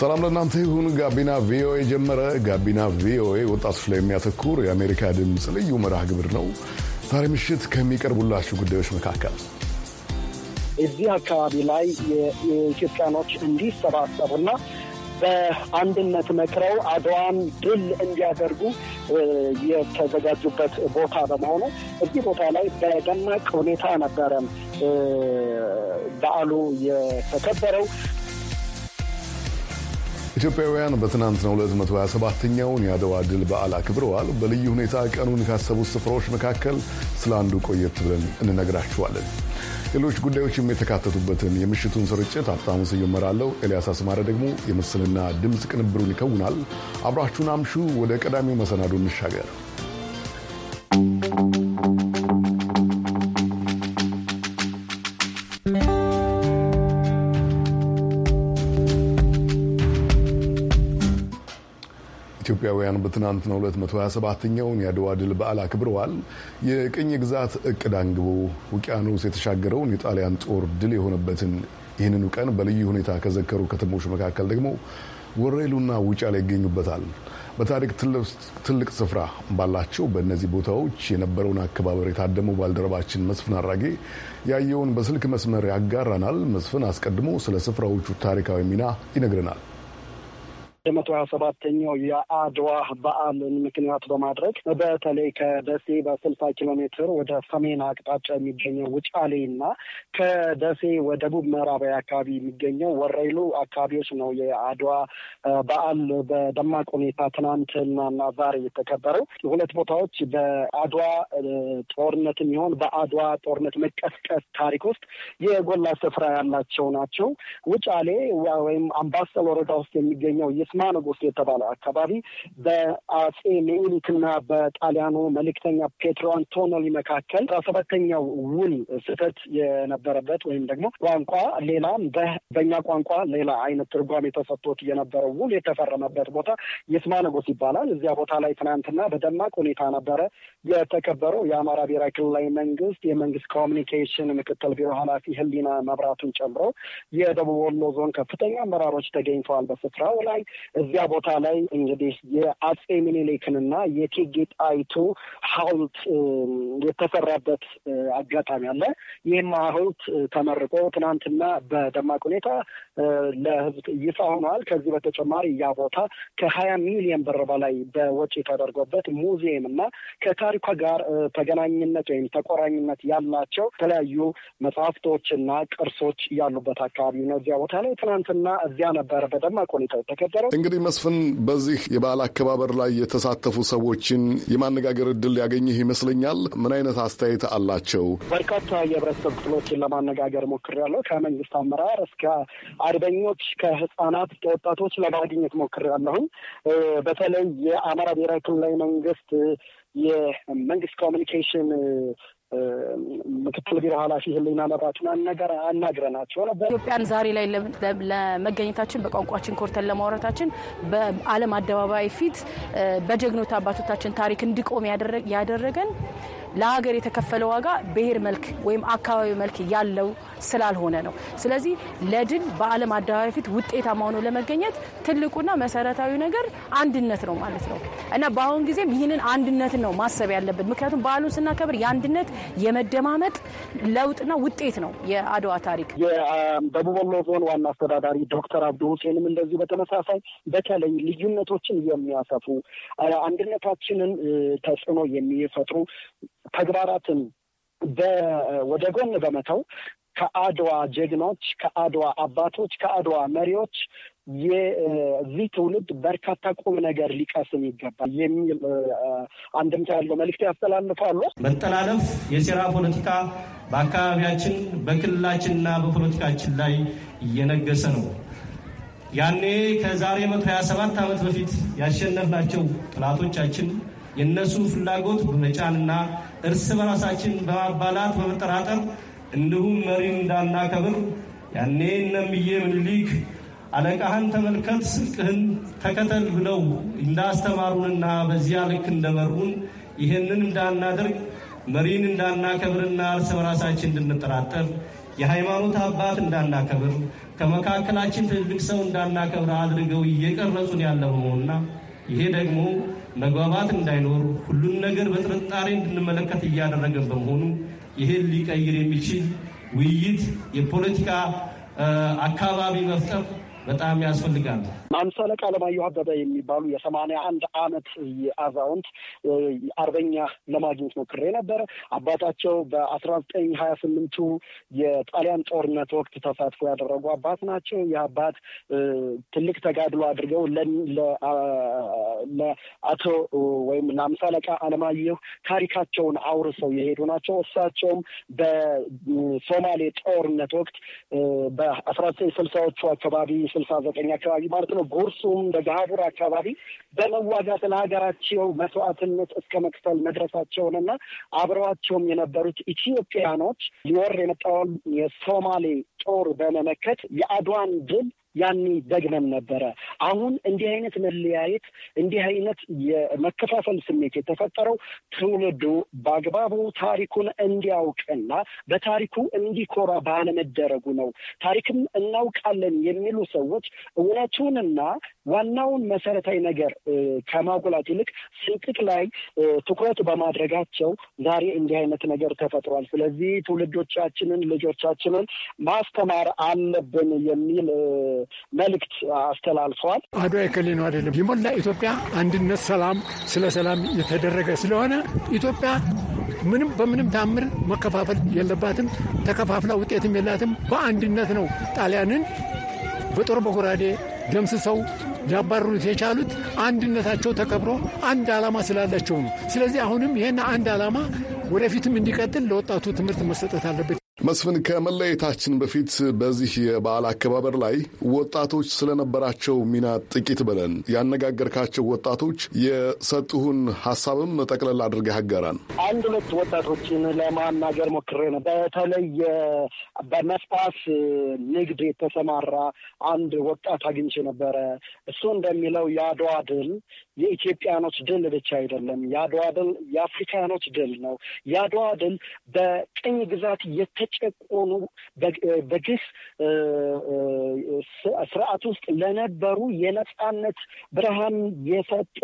ሰላም ለእናንተ ይሁን። ጋቢና ቪኦኤ ጀመረ። ጋቢና ቪኦኤ ወጣቶች ላይ የሚያተኩር የአሜሪካ ድምፅ ልዩ መርሃ ግብር ነው። ዛሬ ምሽት ከሚቀርቡላችሁ ጉዳዮች መካከል እዚህ አካባቢ ላይ የኢትዮጵያኖች እንዲሰባሰቡና በአንድነት መክረው አድዋን ድል እንዲያደርጉ የተዘጋጁበት ቦታ በመሆኑ እዚህ ቦታ ላይ በደማቅ ሁኔታ ነበረም በዓሉ የተከበረው። ኢትዮጵያውያን በትናንትናው ዕለት 127ኛውን የአድዋ ድል በዓል አክብረዋል። በልዩ ሁኔታ ቀኑን ካሰቡት ስፍራዎች መካከል ስለ አንዱ ቆየት ብለን እንነግራችኋለን። ሌሎች ጉዳዮችም የተካተቱበትን የምሽቱን ስርጭት ሀብታሙ ስዩም እመራለሁ። ኤልያስ አስማረ ደግሞ የምስልና ድምፅ ቅንብሩን ይከውናል። አብራችሁን አምሹ። ወደ ቀዳሚው መሰናዶ እንሻገር። ኢትዮጵያውያን በትናንትናው ዕለት 127ኛውን የአድዋ ድል በዓል አክብረዋል። የቅኝ ግዛት እቅድ አንግቦ ውቅያኖስ የተሻገረውን የጣሊያን ጦር ድል የሆነበትን ይህንኑ ቀን በልዩ ሁኔታ ከዘከሩ ከተሞች መካከል ደግሞ ወረኢሉና ውጫሌ ይገኙበታል። በታሪክ ትልቅ ስፍራ ባላቸው በእነዚህ ቦታዎች የነበረውን አከባበር የታደመው ባልደረባችን መስፍን አራጌ ያየውን በስልክ መስመር ያጋራናል። መስፍን አስቀድሞ ስለ ስፍራዎቹ ታሪካዊ ሚና ይነግረናል። የመቶ ሀያ ሰባተኛው የአድዋ በዓልን ምክንያት በማድረግ በተለይ ከደሴ በስልሳ ኪሎ ሜትር ወደ ሰሜን አቅጣጫ የሚገኘው ውጫሌ እና ከደሴ ወደ ደቡብ ምዕራባዊ አካባቢ የሚገኘው ወረይሉ አካባቢዎች ነው የአድዋ በዓል በደማቅ ሁኔታ ትናንትና ትናንትናና ዛሬ የተከበረው። ሁለት ቦታዎች በአድዋ ጦርነት የሚሆን በአድዋ ጦርነት መቀስቀስ ታሪክ ውስጥ የጎላ ስፍራ ያላቸው ናቸው። ውጫሌ ወይም አምባሰል ወረዳ ውስጥ የሚገኘው ንጉስ የተባለ አካባቢ በአጼ ምኒልክና በጣሊያኑ መልእክተኛ ፔትሮ አንቶኖሊ መካከል አስራ ሰባተኛው ውል ስህተት የነበረበት ወይም ደግሞ ቋንቋ ሌላ በእኛ ቋንቋ ሌላ አይነት ትርጓሜ ተሰጥቶት የነበረው ውል የተፈረመበት ቦታ ይስማ ንጉስ ይባላል። እዚያ ቦታ ላይ ትናንትና በደማቅ ሁኔታ ነበረ የተከበረው። የአማራ ብሔራዊ ክልላዊ መንግስት የመንግስት ኮሚኒኬሽን ምክትል ቢሮ ኃላፊ ህሊና መብራቱን ጨምሮ የደቡብ ወሎ ዞን ከፍተኛ አመራሮች ተገኝተዋል በስፍራው ላይ። እዚያ ቦታ ላይ እንግዲህ የአጼ ምኒልክንና የእቴጌ ጣይቱ ሐውልት የተሰራበት አጋጣሚ አለ። ይህም ሐውልት ተመርቆ ትናንትና በደማቅ ሁኔታ ለሕዝብ ይፋ ሆኗል። ከዚህ በተጨማሪ ያ ቦታ ከሀያ ሚሊዮን ብር በላይ በወጪ ተደርጎበት ሙዚየም እና ከታሪኳ ጋር ተገናኝነት ወይም ተቆራኝነት ያላቸው የተለያዩ መጽሐፍቶችና ቅርሶች ያሉበት አካባቢ ነው። እዚያ ቦታ ላይ ትናንትና እዚያ ነበረ በደማቅ ሁኔታ የተከበረ እንግዲህ መስፍን፣ በዚህ የበዓል አከባበር ላይ የተሳተፉ ሰዎችን የማነጋገር እድል ያገኘህ ይመስለኛል። ምን አይነት አስተያየት አላቸው? በርካታ የህብረተሰብ ክፍሎችን ለማነጋገር ሞክሬያለሁ። ከመንግስት አመራር እስከ አርበኞች፣ ከህጻናት፣ ከወጣቶች ለማግኘት ሞክሬያለሁኝ። በተለይ የአማራ ብሔራዊ ክልላዊ መንግስት የመንግስት ኮሚኒኬሽን ምክትል ቢሮ ኃላፊ ህልና መባችን አናገር አናግረናቸው ነበር። ኢትዮጵያን ዛሬ ላይ ለመገኘታችን በቋንቋችን ኮርተን ለማውራታችን በዓለም አደባባይ ፊት በጀግኖት አባቶቻችን ታሪክ እንዲቆም ያደረገን ለሀገር የተከፈለ ዋጋ ብሔር መልክ ወይም አካባቢ መልክ ያለው ስላልሆነ ነው። ስለዚህ ለድል በዓለም አደባባይ ፊት ውጤታማ ሆኖ ለመገኘት ትልቁና መሰረታዊ ነገር አንድነት ነው ማለት ነው እና በአሁን ጊዜም ይህንን አንድነትን ነው ማሰብ ያለብን። ምክንያቱም በዓሉን ስናከብር የአንድነት የመደማመጥ ለውጥና ውጤት ነው የአድዋ ታሪክ። የደቡብ ወሎ ዞን ዋና አስተዳዳሪ ዶክተር አብዱ ሁሴንም እንደዚሁ በተመሳሳይ በተለይ ልዩነቶችን የሚያሰፉ አንድነታችንን ተጽዕኖ የሚፈጥሩ ተግባራትን ወደ ጎን በመተው ከአድዋ ጀግኖች፣ ከአድዋ አባቶች፣ ከአድዋ መሪዎች የዚህ ትውልድ በርካታ ቁም ነገር ሊቀስም ይገባል የሚል አንድምታ ያለው መልእክት ያስተላልፋሉ። መጠላለፍ፣ የሴራ ፖለቲካ በአካባቢያችን በክልላችንና በፖለቲካችን ላይ እየነገሰ ነው። ያኔ ከዛሬ መቶ ሀያ ዓመት በፊት ያሸነፍናቸው ጠላቶቻችን የእነሱ ፍላጎት በመጫንና እርስ በራሳችን በማባላት በመጠራጠር እንዲሁም መሪን እንዳናከብር ያኔ እነምዬ ምኒልክ አለቃህን ተመልከት፣ ስልቅህን ተከተል ብለው እንዳስተማሩንና በዚያ ልክ እንደመሩን ይህንን እንዳናደርግ መሪን እንዳናከብርና እርስ በራሳችን እንድንጠራጠር የሃይማኖት አባት እንዳናከብር ከመካከላችን ትልቅ ሰው እንዳናከብር አድርገው እየቀረጹን ያለ በመሆንና ይሄ ደግሞ መግባባት እንዳይኖር ሁሉን ነገር በጥርጣሬ እንድንመለከት እያደረገ በመሆኑ ይህን ሊቀይር የሚችል ውይይት የፖለቲካ አካባቢ መፍጠር በጣም ያስፈልጋል። አምሳ አለቃ አለማየሁ አበበ የሚባሉ የሰማንያ አንድ አመት አዛውንት አርበኛ ለማግኘት ሞክሬ ነበር። አባታቸው በአስራ ዘጠኝ ሀያ ስምንቱ የጣሊያን ጦርነት ወቅት ተሳትፎ ያደረጉ አባት ናቸው። የአባት ትልቅ ተጋድሎ አድርገው ለአቶ ወይም ለአምሳ አለቃ አለማየሁ ታሪካቸውን አውርሰው የሄዱ ናቸው። እሳቸውም በሶማሌ ጦርነት ወቅት በአስራ ዘጠኝ ስልሳዎቹ አካባቢ ስልሳ ዘጠኝ አካባቢ ማለት ነው። በሁርሱም በዳሀቡር አካባቢ በመዋጋት ለሀገራቸው መስዋዕትነት እስከ መክፈል መድረሳቸውንና አብረዋቸውም የነበሩት ኢትዮጵያኖች ሊወር የመጣውን የሶማሌ ጦር በመመከት የአድዋን ድል ያኔ ደግመን ነበረ። አሁን እንዲህ አይነት መለያየት፣ እንዲህ አይነት የመከፋፈል ስሜት የተፈጠረው ትውልዱ በአግባቡ ታሪኩን እንዲያውቅና በታሪኩ እንዲኮራ ባለመደረጉ ነው። ታሪክም እናውቃለን የሚሉ ሰዎች እውነቱንና ዋናውን መሰረታዊ ነገር ከማጉላት ይልቅ ስንጥቅ ላይ ትኩረት በማድረጋቸው ዛሬ እንዲህ አይነት ነገር ተፈጥሯል። ስለዚህ ትውልዶቻችንን ልጆቻችንን ማስተማር አለብን የሚል መልእክት አስተላልፈዋል። አድዋ የከሌ አይደለም፣ የሞላ ኢትዮጵያ አንድነት፣ ሰላም ስለ ሰላም የተደረገ ስለሆነ ኢትዮጵያ ምንም በምንም ታምር መከፋፈል የለባትም። ተከፋፍላ ውጤትም የላትም። በአንድነት ነው ጣሊያንን በጦር በጎራዴ ደምስሰው ሊያባርሩት የቻሉት አንድነታቸው ተከብሮ አንድ ዓላማ ስላላቸው ነው። ስለዚህ አሁንም ይህን አንድ ዓላማ ወደፊትም እንዲቀጥል ለወጣቱ ትምህርት መሰጠት አለበት። መስፍን፣ ከመለየታችን በፊት በዚህ የበዓል አከባበር ላይ ወጣቶች ስለነበራቸው ሚና ጥቂት ብለን ያነጋገርካቸው ወጣቶች የሰጡህን ሀሳብም ጠቅለል አድርገህ አጋራን። አንድ ሁለት ወጣቶችን ለማናገር ሞክሬ ነው። በተለይ በመስፋስ ንግድ የተሰማራ አንድ ወጣት አግኝቼ ነበረ። እሱ እንደሚለው የአድዋ ድል የኢትዮጵያኖች ድል ብቻ አይደለም። የአድዋ ድል የአፍሪካኖች ድል ነው። የአድዋ ድል በቅኝ ግዛት የተጨቆኑ በግፍ ስርዓት ውስጥ ለነበሩ የነፃነት ብርሃን የሰጠ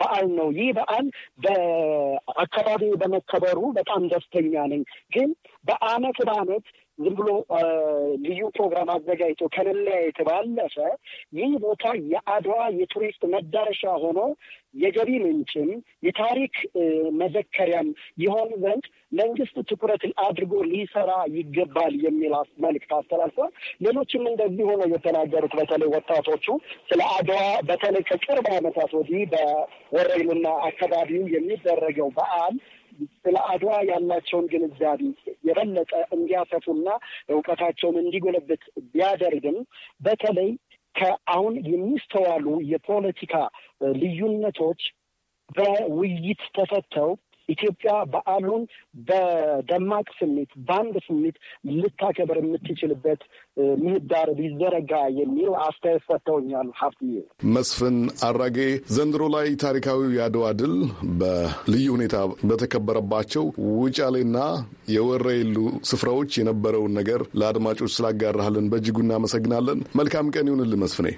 በዓል ነው። ይህ በዓል በአካባቢ በመከበሩ በጣም ደስተኛ ነኝ። ግን በአመት በአመት ዝም ብሎ ልዩ ፕሮግራም አዘጋጅቶ ከመለያየት ባለፈ ይህ ቦታ የአድዋ የቱሪስት መዳረሻ ሆኖ የገቢ ምንጭም የታሪክ መዘከሪያም የሆን ዘንድ መንግስት ትኩረት አድርጎ ሊሰራ ይገባል የሚል መልዕክት አስተላልፏል። ሌሎችም እንደዚህ ሆነው የተናገሩት በተለይ ወጣቶቹ ስለ አድዋ በተለይ ከቅርብ ዓመታት ወዲህ በወረይሉና አካባቢው የሚደረገው በዓል ስለ አድዋ ያላቸውን ግንዛቤ የበለጠ እንዲያሰፉና እውቀታቸውን እንዲጎለብት ቢያደርግም በተለይ ከአሁን የሚስተዋሉ የፖለቲካ ልዩነቶች በውይይት ተፈተው ኢትዮጵያ በዓሉን በደማቅ ስሜት በአንድ ስሜት ልታከበር የምትችልበት ምህዳር ቢዘረጋ የሚል አስተያየት ሰጥተውኛል። ሀብትዬ መስፍን አራጌ ዘንድሮ ላይ ታሪካዊው የአድዋ ድል በልዩ ሁኔታ በተከበረባቸው ውጫሌና የወረኢሉ ስፍራዎች የነበረውን ነገር ለአድማጮች ስላጋራህልን በእጅጉ እናመሰግናለን። መልካም ቀን ይሁንልህ መስፍኔ።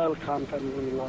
መልካም ቀን ይሁንላ።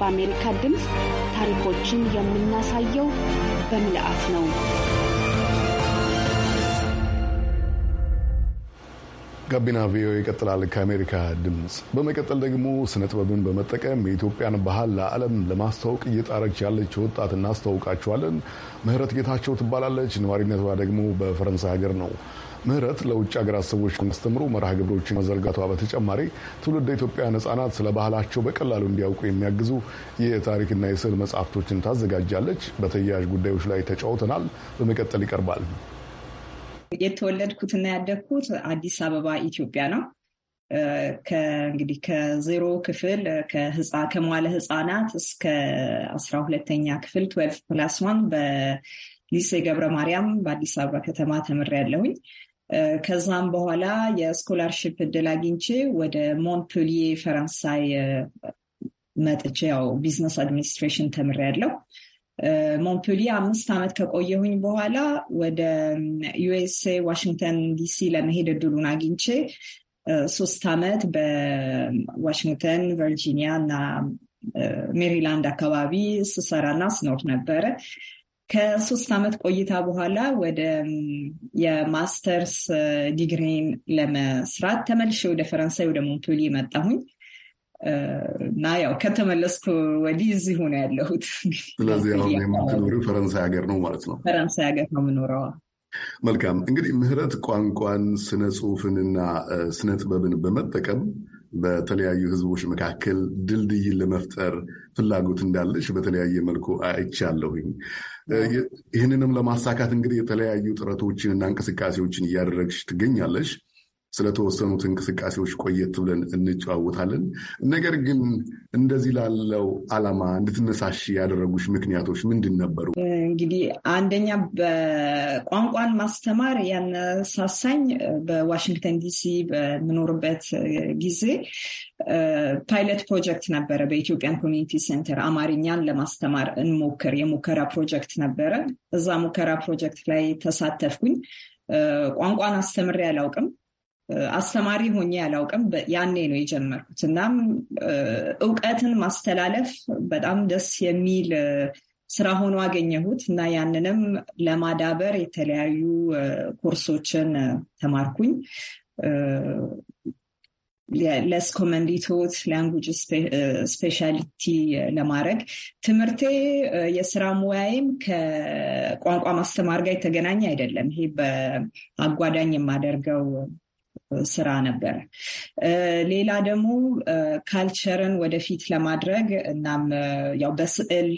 በአሜሪካ ድምፅ ታሪኮችን የምናሳየው በምልአት ነው። ጋቢና ቪኦኤ ይቀጥላል። ከአሜሪካ ድምፅ በመቀጠል ደግሞ ስነ ጥበብን በመጠቀም የኢትዮጵያን ባህል ለዓለም ለማስተዋወቅ እየጣረች ያለች ወጣት እናስተዋውቃችኋለን። ምህረት ጌታቸው ትባላለች። ነዋሪነቷ ደግሞ በፈረንሳይ ሀገር ነው። ምህረት ለውጭ ሀገራት ሰዎች አስተምሮ መርሃ ግብሮችን መዘርጋቷ በተጨማሪ ትውልድ ኢትዮጵያውያን ህጻናት ስለ ባህላቸው በቀላሉ እንዲያውቁ የሚያግዙ የታሪክና የስዕል መጽሐፍቶችን ታዘጋጃለች። በተያያዥ ጉዳዮች ላይ ተጫውተናል። በመቀጠል ይቀርባል። የተወለድኩትና ያደግኩት አዲስ አበባ ኢትዮጵያ ነው። እንግዲህ ከዜሮ ክፍል ከመዋለ ህፃናት እስከ አስራ ሁለተኛ ክፍል ትዌልፍ ፕላስ ዋን በሊሴ ገብረ ማርያም በአዲስ አበባ ከተማ ተምሬያለሁኝ። ከዛም በኋላ የስኮላርሽፕ እድል አግኝቼ ወደ ሞንትፔሊዬ ፈረንሳይ መጥቼ ያው ቢዝነስ አድሚኒስትሬሽን ተምሬያለሁ። ሞንፔሊ አምስት ዓመት ከቆየሁኝ በኋላ ወደ ዩኤስኤ ዋሽንግተን ዲሲ ለመሄድ እድሉን አግኝቼ ሶስት ዓመት በዋሽንግተን ቨርጂኒያ እና ሜሪላንድ አካባቢ ስሰራና ስኖር ነበረ። ከሶስት ዓመት ቆይታ በኋላ ወደ የማስተርስ ዲግሪን ለመስራት ተመልሼ ወደ ፈረንሳይ ወደ ሞንቶሊ መጣሁኝ እና ያው ከተመለስኩ ወዲህ እዚሁ ነው ያለሁት። ስለዚህ አሁን የምትኖሪው ፈረንሳይ ሀገር ነው ማለት ነው? ፈረንሳይ ሀገር ነው የምኖረዋ። መልካም እንግዲህ ምህረት ቋንቋን፣ ስነ ጽሁፍንና ስነ ጥበብን በመጠቀም በተለያዩ ህዝቦች መካከል ድልድይን ለመፍጠር ፍላጎት እንዳለች በተለያየ መልኩ አይቻለሁኝ። ይህንንም ለማሳካት እንግዲህ የተለያዩ ጥረቶችን እና እንቅስቃሴዎችን እያደረግሽ ትገኛለሽ። ስለተወሰኑት እንቅስቃሴዎች ቆየት ብለን እንጨዋወታለን። ነገር ግን እንደዚህ ላለው ዓላማ እንድትነሳሽ ያደረጉሽ ምክንያቶች ምንድን ነበሩ? እንግዲህ አንደኛ በቋንቋን ማስተማር ያነሳሳኝ በዋሽንግተን ዲሲ በምኖርበት ጊዜ ፓይለት ፕሮጀክት ነበረ። በኢትዮጵያን ኮሚኒቲ ሴንተር አማርኛን ለማስተማር እንሞክር የሙከራ ፕሮጀክት ነበረ። እዛ ሙከራ ፕሮጀክት ላይ ተሳተፍኩኝ። ቋንቋን አስተምሬ አላውቅም። አስተማሪ ሆኜ አላውቅም። ያኔ ነው የጀመርኩት። እናም እውቀትን ማስተላለፍ በጣም ደስ የሚል ስራ ሆኖ አገኘሁት እና ያንንም ለማዳበር የተለያዩ ኮርሶችን ተማርኩኝ። ለስኮመንዲቶት ላንጉጅ ስፔሻሊቲ ለማድረግ ትምህርቴ የስራ ሙያዬም ከቋንቋ ማስተማር ጋር የተገናኘ አይደለም። ይሄ በአጓዳኝ የማደርገው ስራ ነበረ። ሌላ ደግሞ ካልቸርን ወደፊት ለማድረግ እናም ያው በስዕል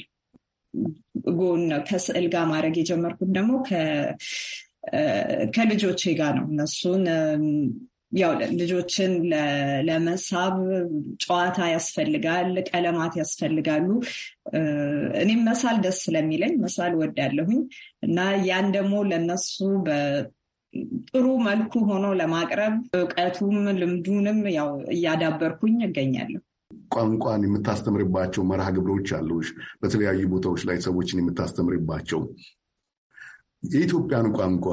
ጎን ከስዕል ጋር ማድረግ የጀመርኩት ደግሞ ከልጆቼ ጋር ነው። እነሱን ያው ልጆችን ለመሳብ ጨዋታ ያስፈልጋል፣ ቀለማት ያስፈልጋሉ። እኔም መሳል ደስ ስለሚለኝ መሳል ወዳለሁኝ እና ያን ደግሞ ለነሱ ጥሩ መልኩ ሆኖ ለማቅረብ እውቀቱም ልምዱንም ያው እያዳበርኩኝ እገኛለሁ። ቋንቋን የምታስተምርባቸው መርሃ ግብሮች አሉ፣ በተለያዩ ቦታዎች ላይ ሰዎችን የምታስተምርባቸው የኢትዮጵያን ቋንቋ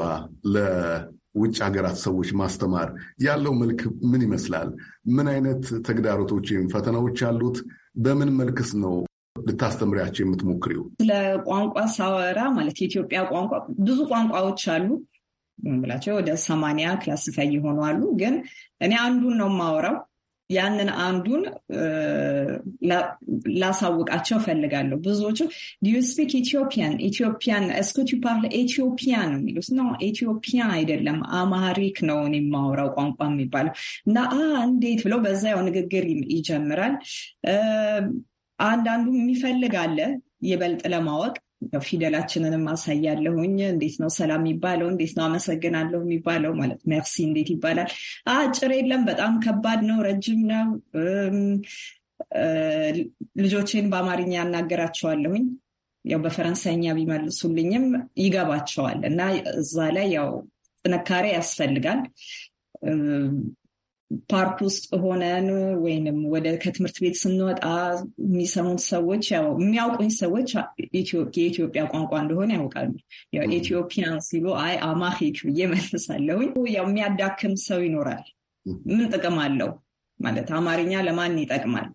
ለውጭ ሀገራት ሰዎች ማስተማር ያለው መልክ ምን ይመስላል? ምን አይነት ተግዳሮቶች ወይም ፈተናዎች አሉት? በምን መልክስ ነው ልታስተምሪያቸው የምትሞክሪው? ስለ ቋንቋ ሳወራ ማለት የኢትዮጵያ ቋንቋ ብዙ ቋንቋዎች አሉ። ምላቸው ወደ ሰማንያ ክላሲፋይ የሆኑ አሉ። ግን እኔ አንዱን ነው የማወራው። ያንን አንዱን ላሳውቃቸው ፈልጋለሁ። ብዙዎቹ ዲዩ ስፒክ ኢትዮፒያን ኢትዮጵያን እስኩቲ ፓርለ ኢትዮጵያ ነው የሚሉት። ኖ ኢትዮፒያ አይደለም አማሪክ ነው እኔ የማወራው ቋንቋ የሚባለው እና እንዴት ብለው በዛ ያው ንግግር ይጀምራል። አንዳንዱ የሚፈልግ አለ ይበልጥ ለማወቅ ያው ፊደላችንንም አሳያለሁኝ። እንዴት ነው ሰላም የሚባለው? እንዴት ነው አመሰግናለሁ የሚባለው? ማለት መርሲ እንዴት ይባላል? አጭር የለም፣ በጣም ከባድ ነው፣ ረጅም ነው። ልጆቼን በአማርኛ ያናገራቸዋለሁኝ። ያው በፈረንሳይኛ ቢመልሱልኝም ይገባቸዋል እና እዛ ላይ ያው ጥንካሬ ያስፈልጋል። ፓርክ ውስጥ ሆነን ወይንም ወደ ከትምህርት ቤት ስንወጣ የሚሰሙት ሰዎች ያው የሚያውቁኝ ሰዎች የኢትዮጵያ ቋንቋ እንደሆነ ያውቃሉ። ያው ሲሉ አይ አማሂክ ብዬ መልሳለሁኝ። ያው የሚያዳክም ሰው ይኖራል። ምን ጥቅም አለው ማለት አማርኛ ለማን ይጠቅማል?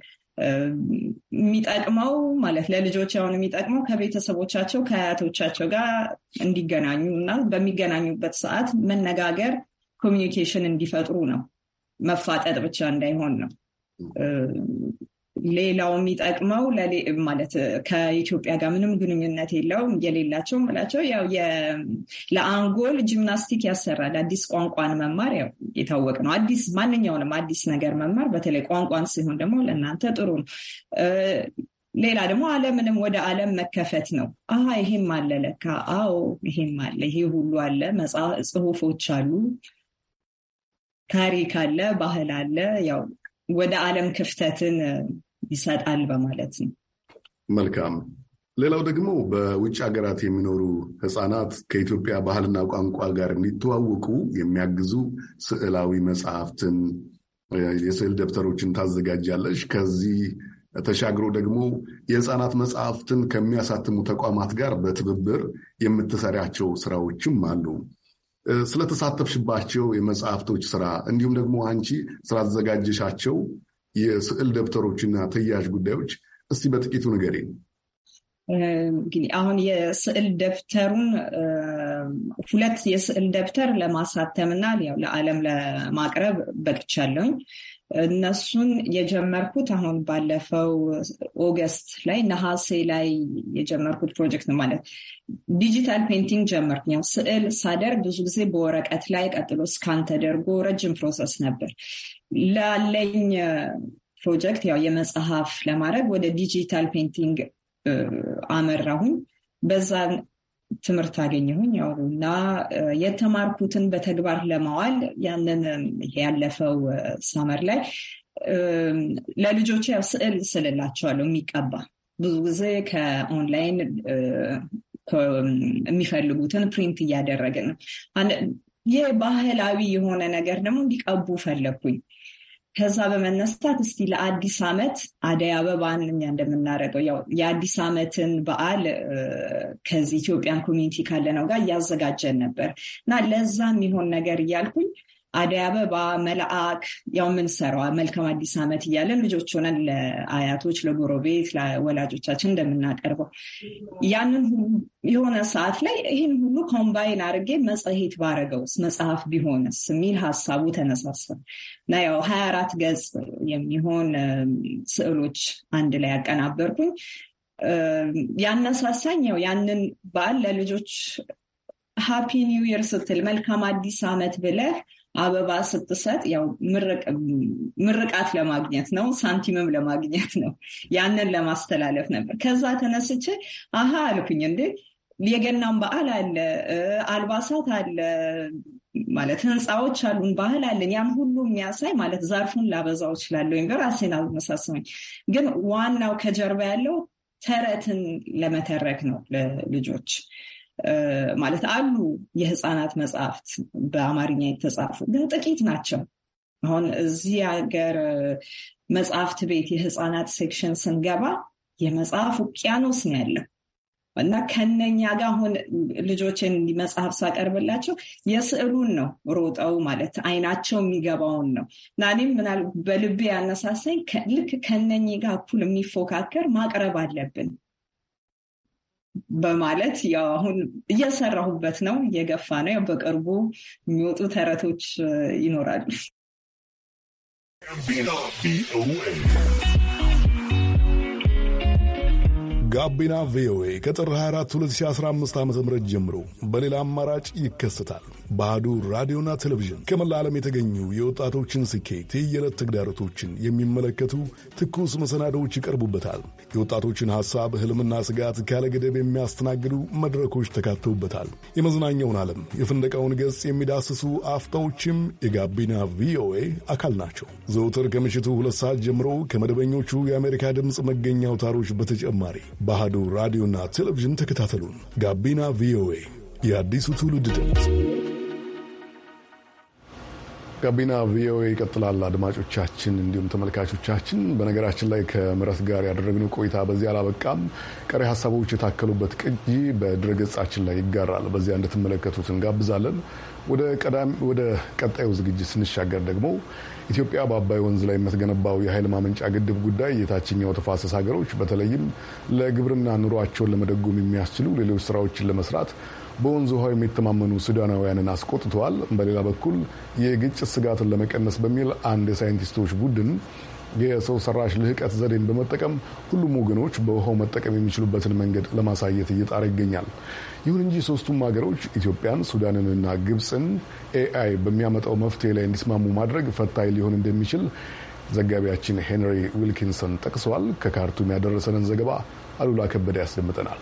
የሚጠቅመው ማለት ለልጆች አሁን የሚጠቅመው ከቤተሰቦቻቸው ከአያቶቻቸው ጋር እንዲገናኙ እና በሚገናኙበት ሰዓት መነጋገር ኮሚኒኬሽን እንዲፈጥሩ ነው። መፋጠጥ ብቻ እንዳይሆን ነው። ሌላው የሚጠቅመው ማለት ከኢትዮጵያ ጋር ምንም ግንኙነት የለውም የሌላቸው ምላቸው ያው ለአንጎል ጂምናስቲክ ያሰራል። አዲስ ቋንቋን መማር ያው የታወቀ ነው። አዲስ ማንኛውንም አዲስ ነገር መማር በተለይ ቋንቋን ሲሆን ደግሞ ለእናንተ ጥሩ ነው። ሌላ ደግሞ ዓለምንም ወደ ዓለም መከፈት ነው። አሀ ይሄም አለ ለካ፣ አዎ ይሄም አለ፣ ይሄ ሁሉ አለ፣ መጽሐፍ ጽሁፎች አሉ፣ ታሪክ አለ፣ ባህል አለ። ያው ወደ ዓለም ክፍተትን ይሰጣል በማለት ነው። መልካም። ሌላው ደግሞ በውጭ ሀገራት የሚኖሩ ህፃናት ከኢትዮጵያ ባህልና ቋንቋ ጋር እንዲተዋወቁ የሚያግዙ ስዕላዊ መጽሐፍትን፣ የስዕል ደብተሮችን ታዘጋጃለች። ከዚህ ተሻግሮ ደግሞ የህፃናት መጽሐፍትን ከሚያሳትሙ ተቋማት ጋር በትብብር የምትሰሪያቸው ስራዎችም አሉ። ስለተሳተፍሽባቸው የመጽሐፍቶች ስራ እንዲሁም ደግሞ አንቺ ስላዘጋጀሻቸው የስዕል ደብተሮችና ተያዥ ጉዳዮች እስቲ በጥቂቱ ንገሪኝ። እንግዲህ አሁን የስዕል ደብተሩን ሁለት የስዕል ደብተር ለማሳተምና እና ለዓለም ለማቅረብ በቅቻለሁኝ። እነሱን የጀመርኩት አሁን ባለፈው ኦገስት ላይ ነሐሴ ላይ የጀመርኩት ፕሮጀክት ነው። ማለት ዲጂታል ፔንቲንግ ጀመርኩ። ያው ስዕል ሳደር ብዙ ጊዜ በወረቀት ላይ ቀጥሎ ስካን ተደርጎ ረጅም ፕሮሰስ ነበር። ላለኝ ፕሮጀክት ያው የመጽሐፍ ለማድረግ ወደ ዲጂታል ፔንቲንግ አመራሁኝ። በዛ ትምህርት አገኘሁኝ ያው እና የተማርኩትን በተግባር ለማዋል ያንን ያለፈው ሳመር ላይ ለልጆች ያው ስዕል ስልላቸዋለሁ የሚቀባ ብዙ ጊዜ ከኦንላይን የሚፈልጉትን ፕሪንት እያደረግን ነው። ይህ ባህላዊ የሆነ ነገር ደግሞ እንዲቀቡ ፈለግኩኝ። ከዛ በመነሳት እስቲ ለአዲስ ዓመት አደይ አበባን እኛ እንደምናደርገው የአዲስ ዓመትን በዓል ከዚህ ኢትዮጵያን ኮሚኒቲ ካለነው ጋር እያዘጋጀን ነበር እና ለዛ የሚሆን ነገር እያልኩኝ አደይ አበባ፣ መልአክ ያው የምንሰራዋ መልካም አዲስ ዓመት እያለን ልጆች ሆነን ለአያቶች፣ ለጎረቤት፣ ለወላጆቻችን እንደምናቀርበው ያንን የሆነ ሰዓት ላይ ይህን ሁሉ ኮምባይን አድርጌ መጽሔት ባረገውስ መጽሐፍ ቢሆንስ የሚል ሀሳቡ ተነሳሳ እና ያው ሀያ አራት ገጽ የሚሆን ስዕሎች አንድ ላይ ያቀናበርኩኝ ያነሳሳኝ ያው ያንን በዓል ለልጆች ሃፒ ኒው ይር ስትል መልካም አዲስ ዓመት ብለህ አበባ ስትሰጥ ያው ምርቃት ለማግኘት ነው፣ ሳንቲምም ለማግኘት ነው። ያንን ለማስተላለፍ ነበር። ከዛ ተነስቼ አሀ አልኩኝ እንዴ የገናም በዓል አለ፣ አልባሳት አለ ማለት ህንፃዎች አሉን፣ ባህል አለን። ያን ሁሉ የሚያሳይ ማለት ዛርፉን ላበዛው እችላለሁ ወይም ራሴን አልመሳሰኝ፣ ግን ዋናው ከጀርባ ያለው ተረትን ለመተረክ ነው ለልጆች ማለት አሉ የህፃናት መጽሐፍት በአማርኛ የተጻፉ ግን ጥቂት ናቸው። አሁን እዚህ ሀገር መጽሐፍት ቤት የህፃናት ሴክሽን ስንገባ የመጽሐፍ ውቅያኖስ ነው ያለው እና ከነኛ ጋር አሁን ልጆችን መጽሐፍ ሳቀርብላቸው የስዕሉን ነው ሮጠው ማለት አይናቸው የሚገባውን ነው እና እኔም ምናል በልቤ ያነሳሳኝ ልክ ከነኚህ ጋር እኩል የሚፎካከር ማቅረብ አለብን በማለት ያው አሁን እየሰራሁበት ነው፣ እየገፋ ነው። ያው በቅርቡ የሚወጡ ተረቶች ይኖራሉ። ጋቢና ቪኦኤ ከጥር 24 2015 ዓ ም ጀምሮ በሌላ አማራጭ ይከሰታል። ባህዱ ራዲዮና ቴሌቪዥን ከመላ ዓለም የተገኙ የወጣቶችን ስኬት፣ የየዕለት ተግዳሮቶችን የሚመለከቱ ትኩስ መሰናዶዎች ይቀርቡበታል። የወጣቶችን ሐሳብ፣ ሕልምና ስጋት ካለ ገደብ የሚያስተናግዱ መድረኮች ተካተውበታል። የመዝናኛውን ዓለም፣ የፍንደቃውን ገጽ የሚዳስሱ አፍታዎችም የጋቢና ቪኦኤ አካል ናቸው። ዘውትር ከምሽቱ ሁለት ሰዓት ጀምሮ ከመደበኞቹ የአሜሪካ ድምፅ መገኛ አውታሮች በተጨማሪ ባህዱ ራዲዮና ቴሌቪዥን ተከታተሉን። ጋቢና ቪኦኤ የአዲሱ ትውልድ ድምፅ ጋቢና ቪኦኤ ይቀጥላል። አድማጮቻችን እንዲሁም ተመልካቾቻችን፣ በነገራችን ላይ ከምረት ጋር ያደረግነው ቆይታ በዚህ አላበቃም። ቀሪ ሀሳቦች የታከሉበት ቅጂ በድረገጻችን ላይ ይጋራል። በዚያ እንድትመለከቱት እንጋብዛለን። ወደ ቀጣዩ ዝግጅት ስንሻገር ደግሞ ኢትዮጵያ በአባይ ወንዝ ላይ የምትገነባው የኃይል ማመንጫ ግድብ ጉዳይ የታችኛው ተፋሰስ ሀገሮች በተለይም ለግብርና ኑሯቸውን ለመደጎም የሚያስችሉ ሌሎች ስራዎችን ለመስራት በወንዝ ውሃ የሚተማመኑ ሱዳናውያንን አስቆጥተዋል። በሌላ በኩል የግጭት ስጋትን ለመቀነስ በሚል አንድ የሳይንቲስቶች ቡድን የሰው ሰራሽ ልህቀት ዘዴን በመጠቀም ሁሉም ወገኖች በውሃው መጠቀም የሚችሉበትን መንገድ ለማሳየት እየጣረ ይገኛል። ይሁን እንጂ ሶስቱም ሀገሮች ኢትዮጵያን፣ ሱዳንንና ግብፅን ኤአይ በሚያመጣው መፍትሄ ላይ እንዲስማሙ ማድረግ ፈታኝ ሊሆን እንደሚችል ዘጋቢያችን ሄንሪ ዊልኪንሰን ጠቅሰዋል። ከካርቱም ያደረሰንን ዘገባ አሉላ ከበደ ያስደምጠናል።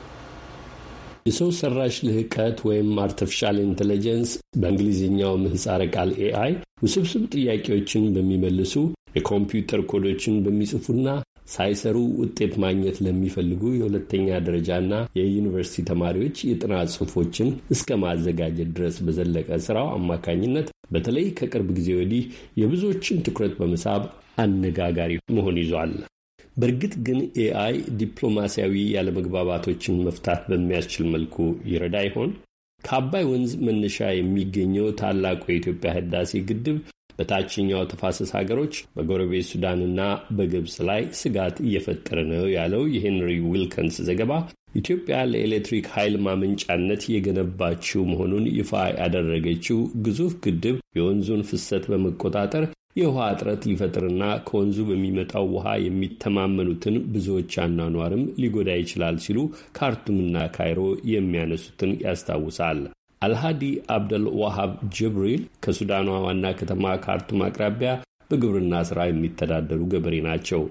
የሰው ሰራሽ ልህቀት ወይም አርቲፊሻል ኢንቴሊጀንስ በእንግሊዝኛው ምህፃረ ቃል ኤአይ ውስብስብ ጥያቄዎችን በሚመልሱ የኮምፒውተር ኮዶችን በሚጽፉና ሳይሰሩ ውጤት ማግኘት ለሚፈልጉ የሁለተኛ ደረጃና የዩኒቨርሲቲ ተማሪዎች የጥናት ጽሁፎችን እስከ ማዘጋጀት ድረስ በዘለቀ ስራው አማካኝነት በተለይ ከቅርብ ጊዜ ወዲህ የብዙዎችን ትኩረት በመሳብ አነጋጋሪ መሆን ይዟል። በእርግጥ ግን ኤአይ ዲፕሎማሲያዊ ያለመግባባቶችን መፍታት በሚያስችል መልኩ ይረዳ ይሆን? ከአባይ ወንዝ መነሻ የሚገኘው ታላቁ የኢትዮጵያ ህዳሴ ግድብ በታችኛው ተፋሰስ ሀገሮች በጎረቤት ሱዳንና በግብፅ ላይ ስጋት እየፈጠረ ነው ያለው የሄንሪ ዊልከንስ ዘገባ ኢትዮጵያ ለኤሌክትሪክ ኃይል ማመንጫነት የገነባችው መሆኑን ይፋ ያደረገችው ግዙፍ ግድብ የወንዙን ፍሰት በመቆጣጠር የውሃ እጥረት ሊፈጥርና ከወንዙ በሚመጣው ውሃ የሚተማመኑትን ብዙዎች አኗኗርም ሊጎዳ ይችላል ሲሉ ካርቱምና ካይሮ የሚያነሱትን ያስታውሳል። አልሃዲ አብደል ዋሃብ ጅብሪል ከሱዳኗ ዋና ከተማ ካርቱም አቅራቢያ በግብርና ሥራ የሚተዳደሩ ገበሬ ናቸው።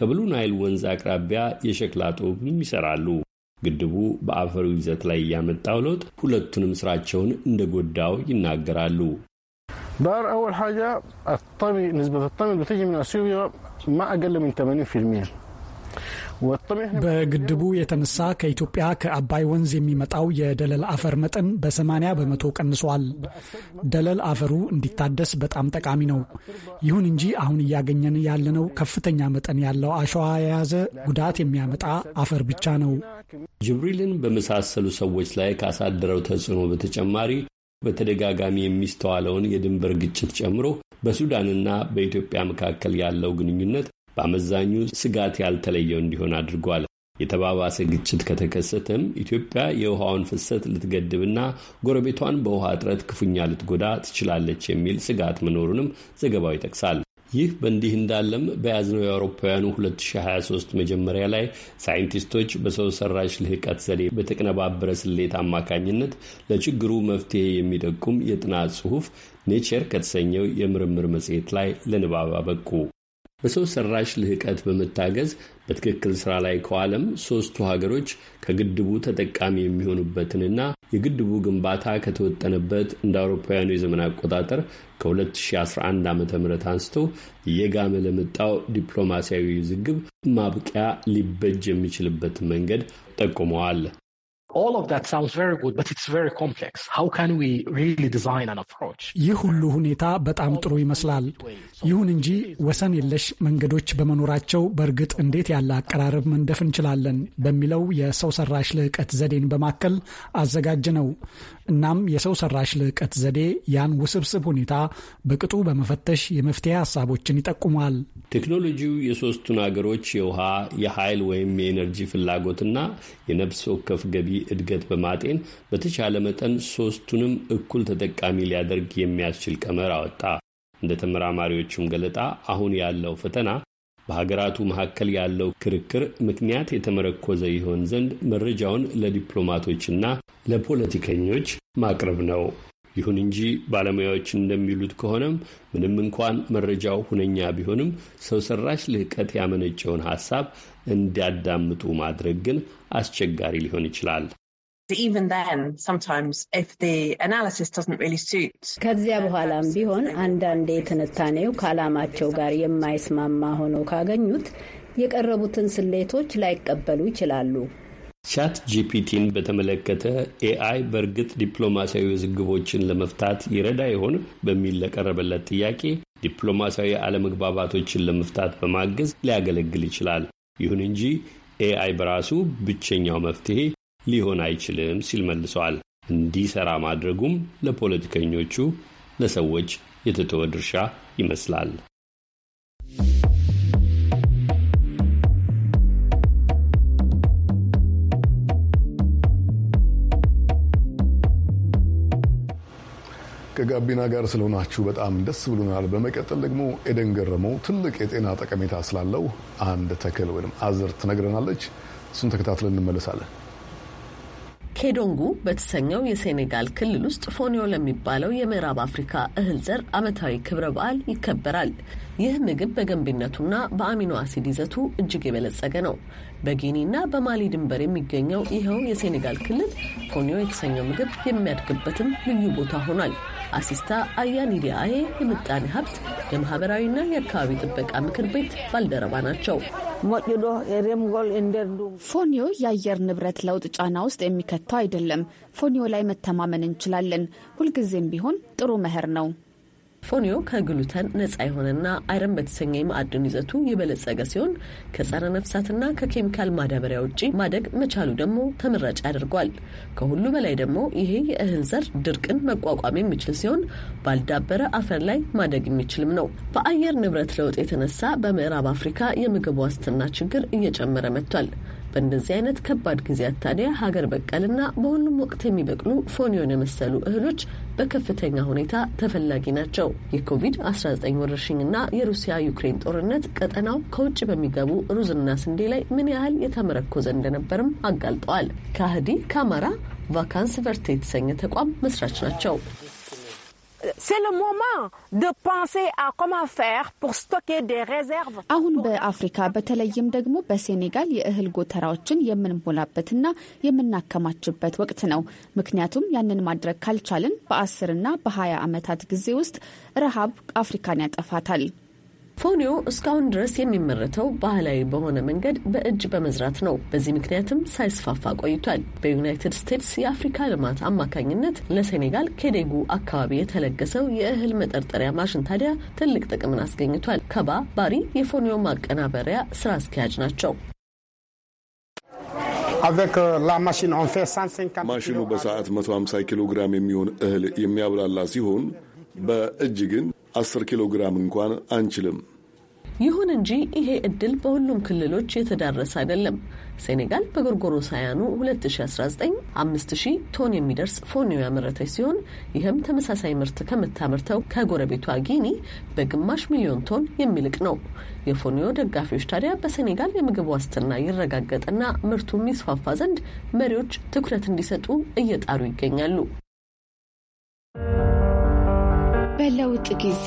ከብሉ ናይል ወንዝ አቅራቢያ የሸክላ ጡብም ይሠራሉ። ግድቡ በአፈሩ ይዘት ላይ እያመጣው ለውጥ ሁለቱንም ስራቸውን እንደጎዳው ይናገራሉ። دار اول حاجه الطمي نسبه الطمي اللي بتيجي من اثيوبيا ما اقل من 80% በግድቡ የተነሳ ከኢትዮጵያ ከአባይ ወንዝ የሚመጣው የደለል አፈር መጠን በ80 በመቶ ቀንሷል። ደለል አፈሩ እንዲታደስ በጣም ጠቃሚ ነው። ይሁን እንጂ አሁን እያገኘን ያለነው ከፍተኛ መጠን ያለው አሸዋ የያዘ ጉዳት የሚያመጣ አፈር ብቻ ነው። ጅብሪልን በመሳሰሉ ሰዎች ላይ ካሳደረው ተጽዕኖ በተጨማሪ በተደጋጋሚ የሚስተዋለውን የድንበር ግጭት ጨምሮ በሱዳንና በኢትዮጵያ መካከል ያለው ግንኙነት በአመዛኙ ስጋት ያልተለየው እንዲሆን አድርጓል። የተባባሰ ግጭት ከተከሰተም ኢትዮጵያ የውሃውን ፍሰት ልትገድብና ጎረቤቷን በውሃ እጥረት ክፉኛ ልትጎዳ ትችላለች የሚል ስጋት መኖሩንም ዘገባው ይጠቅሳል። ይህ በእንዲህ እንዳለም በያዝነው የአውሮፓውያኑ 2023 መጀመሪያ ላይ ሳይንቲስቶች በሰው ሰራሽ ልህቀት ዘዴ በተቀነባበረ ስሌት አማካኝነት ለችግሩ መፍትሄ የሚጠቁም የጥናት ጽሑፍ ኔቸር ከተሰኘው የምርምር መጽሔት ላይ ለንባብ አበቁ። በሰው ሰራሽ ልህቀት በመታገዝ በትክክል ስራ ላይ ከዋለም ሶስቱ ሀገሮች ከግድቡ ተጠቃሚ የሚሆኑበትንና የግድቡ ግንባታ ከተወጠነበት እንደ አውሮፓውያኑ የዘመን አቆጣጠር ከ2011 ዓ ም አንስቶ እየጋመ ለመጣው ዲፕሎማሲያዊ ውዝግብ ማብቂያ ሊበጅ የሚችልበትን መንገድ ጠቁመዋል። ይህ ሁሉ ሁኔታ በጣም ጥሩ ይመስላል። ይሁን እንጂ ወሰን የለሽ መንገዶች በመኖራቸው በእርግጥ እንዴት ያለ አቀራረብ መንደፍ እንችላለን በሚለው የሰው ሰራሽ ልዕቀት ዘዴን በማከል አዘጋጅ ነው። እናም የሰው ሰራሽ ልዕቀት ዘዴ ያን ውስብስብ ሁኔታ በቅጡ በመፈተሽ የመፍትሄ ሀሳቦችን ይጠቁማል። ቴክኖሎጂው የሶስቱን አገሮች የውሃ የኃይል ወይም የኤነርጂ ፍላጎትና የነፍስ ወከፍ ገቢ እድገት በማጤን በተቻለ መጠን ሶስቱንም እኩል ተጠቃሚ ሊያደርግ የሚያስችል ቀመር አወጣ። እንደ ተመራማሪዎቹም ገለጣ አሁን ያለው ፈተና በሀገራቱ መካከል ያለው ክርክር ምክንያት የተመረኮዘ ይሆን ዘንድ መረጃውን ለዲፕሎማቶችና ለፖለቲከኞች ማቅረብ ነው። ይሁን እንጂ ባለሙያዎች እንደሚሉት ከሆነም ምንም እንኳን መረጃው ሁነኛ ቢሆንም ሰው ሰራሽ ልህቀት ያመነጨውን ሀሳብ እንዲያዳምጡ ማድረግ ግን አስቸጋሪ ሊሆን ይችላል። ከዚያ በኋላም ቢሆን አንዳንዴ ትንታኔው ከዓላማቸው ጋር የማይስማማ ሆነው ካገኙት የቀረቡትን ስሌቶች ላይቀበሉ ይችላሉ። ቻት ጂፒቲን በተመለከተ ኤአይ በእርግጥ ዲፕሎማሲያዊ ውዝግቦችን ለመፍታት ይረዳ ይሆን በሚል ለቀረበለት ጥያቄ ዲፕሎማሲያዊ አለመግባባቶችን ለመፍታት በማገዝ ሊያገለግል ይችላል። ይሁን እንጂ ኤአይ በራሱ ብቸኛው መፍትሄ ሊሆን አይችልም ሲል መልሰዋል። እንዲሰራ ማድረጉም ለፖለቲከኞቹ፣ ለሰዎች የተተወ ድርሻ ይመስላል። ከጋቢና ጋር ስለሆናችሁ በጣም ደስ ብሎናል። በመቀጠል ደግሞ ኤደን ገረመው ትልቅ የጤና ጠቀሜታ ስላለው አንድ ተክል ወይም አዝር ትነግረናለች። እሱን ተከታትለን እንመለሳለን። ኬዶንጉ በተሰኘው የሴኔጋል ክልል ውስጥ ፎኒዮ ለሚባለው የምዕራብ አፍሪካ እህል ዘር ዓመታዊ ክብረ በዓል ይከበራል። ይህ ምግብ በገንቢነቱና በአሚኖ አሲድ ይዘቱ እጅግ የበለጸገ ነው። በጊኒና በማሊ ድንበር የሚገኘው ይኸው የሴኔጋል ክልል ፎኒዮ የተሰኘው ምግብ የሚያድግበትም ልዩ ቦታ ሆኗል። አሲስታ ዲአኤ የምጣኔ ሀብት የማህበራዊና የአካባቢ ጥበቃ ምክር ቤት ባልደረባ ናቸው። ፎኒዮ የአየር ንብረት ለውጥ ጫና ውስጥ የሚከተው አይደለም። ፎኒዮ ላይ መተማመን እንችላለን። ሁልጊዜም ቢሆን ጥሩ መኸር ነው። ፎኒዮ ከግሉተን ነጻ የሆነና አይረን በተሰኘ የማዕድን ይዘቱ የበለጸገ ሲሆን ከጸረ ነፍሳትና ከኬሚካል ማዳበሪያ ውጪ ማደግ መቻሉ ደግሞ ተመራጭ ያደርጓል። ከሁሉ በላይ ደግሞ ይሄ የእህል ዘር ድርቅን መቋቋም የሚችል ሲሆን ባልዳበረ አፈር ላይ ማደግ የሚችልም ነው። በአየር ንብረት ለውጥ የተነሳ በምዕራብ አፍሪካ የምግብ ዋስትና ችግር እየጨመረ መጥቷል። በእንደዚህ አይነት ከባድ ጊዜያት ታዲያ ሀገር በቀልና በሁሉም ወቅት የሚበቅሉ ፎኒዮን የመሰሉ እህሎች በከፍተኛ ሁኔታ ተፈላጊ ናቸው። ነው። የኮቪድ-19 ወረርሽኝና የሩሲያ ዩክሬን ጦርነት ቀጠናው ከውጭ በሚገቡ ሩዝና ስንዴ ላይ ምን ያህል የተመረኮዘ እንደነበርም አጋልጠዋል። ካህዲ ካማራ ቫካንስ ቨርቴ የተሰኘ ተቋም መስራች ናቸው። c'est le moment de penser à comment faire pour stocker des réserves. አሁን በአፍሪካ በተለይም ደግሞ በሴኔጋል የእህል ጎተራዎችን የምንሞላበትና የምናከማችበት ወቅት ነው። ምክንያቱም ያንን ማድረግ ካልቻልን በአስርና በሀያ ዓመታት ጊዜ ውስጥ ረሃብ አፍሪካን ያጠፋታል። ፎኒዮ እስካሁን ድረስ የሚመረተው ባህላዊ በሆነ መንገድ በእጅ በመዝራት ነው። በዚህ ምክንያትም ሳይስፋፋ ቆይቷል። በዩናይትድ ስቴትስ የአፍሪካ ልማት አማካኝነት ለሴኔጋል ኬዴጉ አካባቢ የተለገሰው የእህል መጠርጠሪያ ማሽን ታዲያ ትልቅ ጥቅምን አስገኝቷል። ከባ ባሪ የፎኒዮ ማቀናበሪያ ስራ አስኪያጅ ናቸው። euh, ማሽኑ በሰዓት 150 ኪሎ ግራም የሚሆን እህል የሚያብላላ ሲሆን በእጅ ግን 10 ኪሎ ግራም እንኳን አንችልም። ይሁን እንጂ ይሄ እድል በሁሉም ክልሎች የተዳረሰ አይደለም። ሴኔጋል በጎርጎሮሳውያኑ 2019 5000 ቶን የሚደርስ ፎኒዮ ያመረተች ሲሆን ይህም ተመሳሳይ ምርት ከምታመርተው ከጎረቤቷ ጊኒ በግማሽ ሚሊዮን ቶን የሚልቅ ነው። የፎኒዮ ደጋፊዎች ታዲያ በሴኔጋል የምግብ ዋስትና ይረጋገጥና ምርቱ የሚስፋፋ ዘንድ መሪዎች ትኩረት እንዲሰጡ እየጣሩ ይገኛሉ። በለውጥ ጊዜ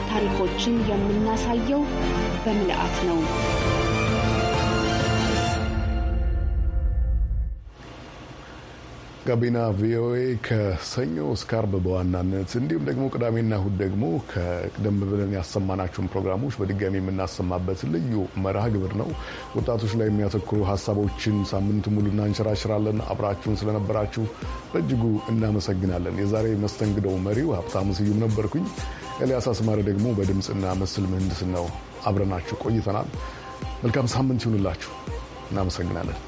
ታሪኮችን የምናሳየው በምልአት ነው። ጋቢና ቪኦኤ ከሰኞ እስከ አርብ በዋናነት እንዲሁም ደግሞ ቅዳሜና እሁድ ደግሞ ከቅደም ብለን ያሰማናቸውን ፕሮግራሞች በድጋሚ የምናሰማበት ልዩ መርሃ ግብር ነው። ወጣቶች ላይ የሚያተኩሩ ሀሳቦችን ሳምንት ሙሉ እናንሸራሽራለን። አብራችሁን ስለነበራችሁ በእጅጉ እናመሰግናለን። የዛሬ መስተንግደው መሪው ሀብታሙ ስዩም ነበርኩኝ። ኤልያስ አስማሪ ደግሞ በድምፅና ምስል ምህንድስናው አብረናችሁ ቆይተናል። መልካም ሳምንት ይሁንላችሁ። እናመሰግናለን።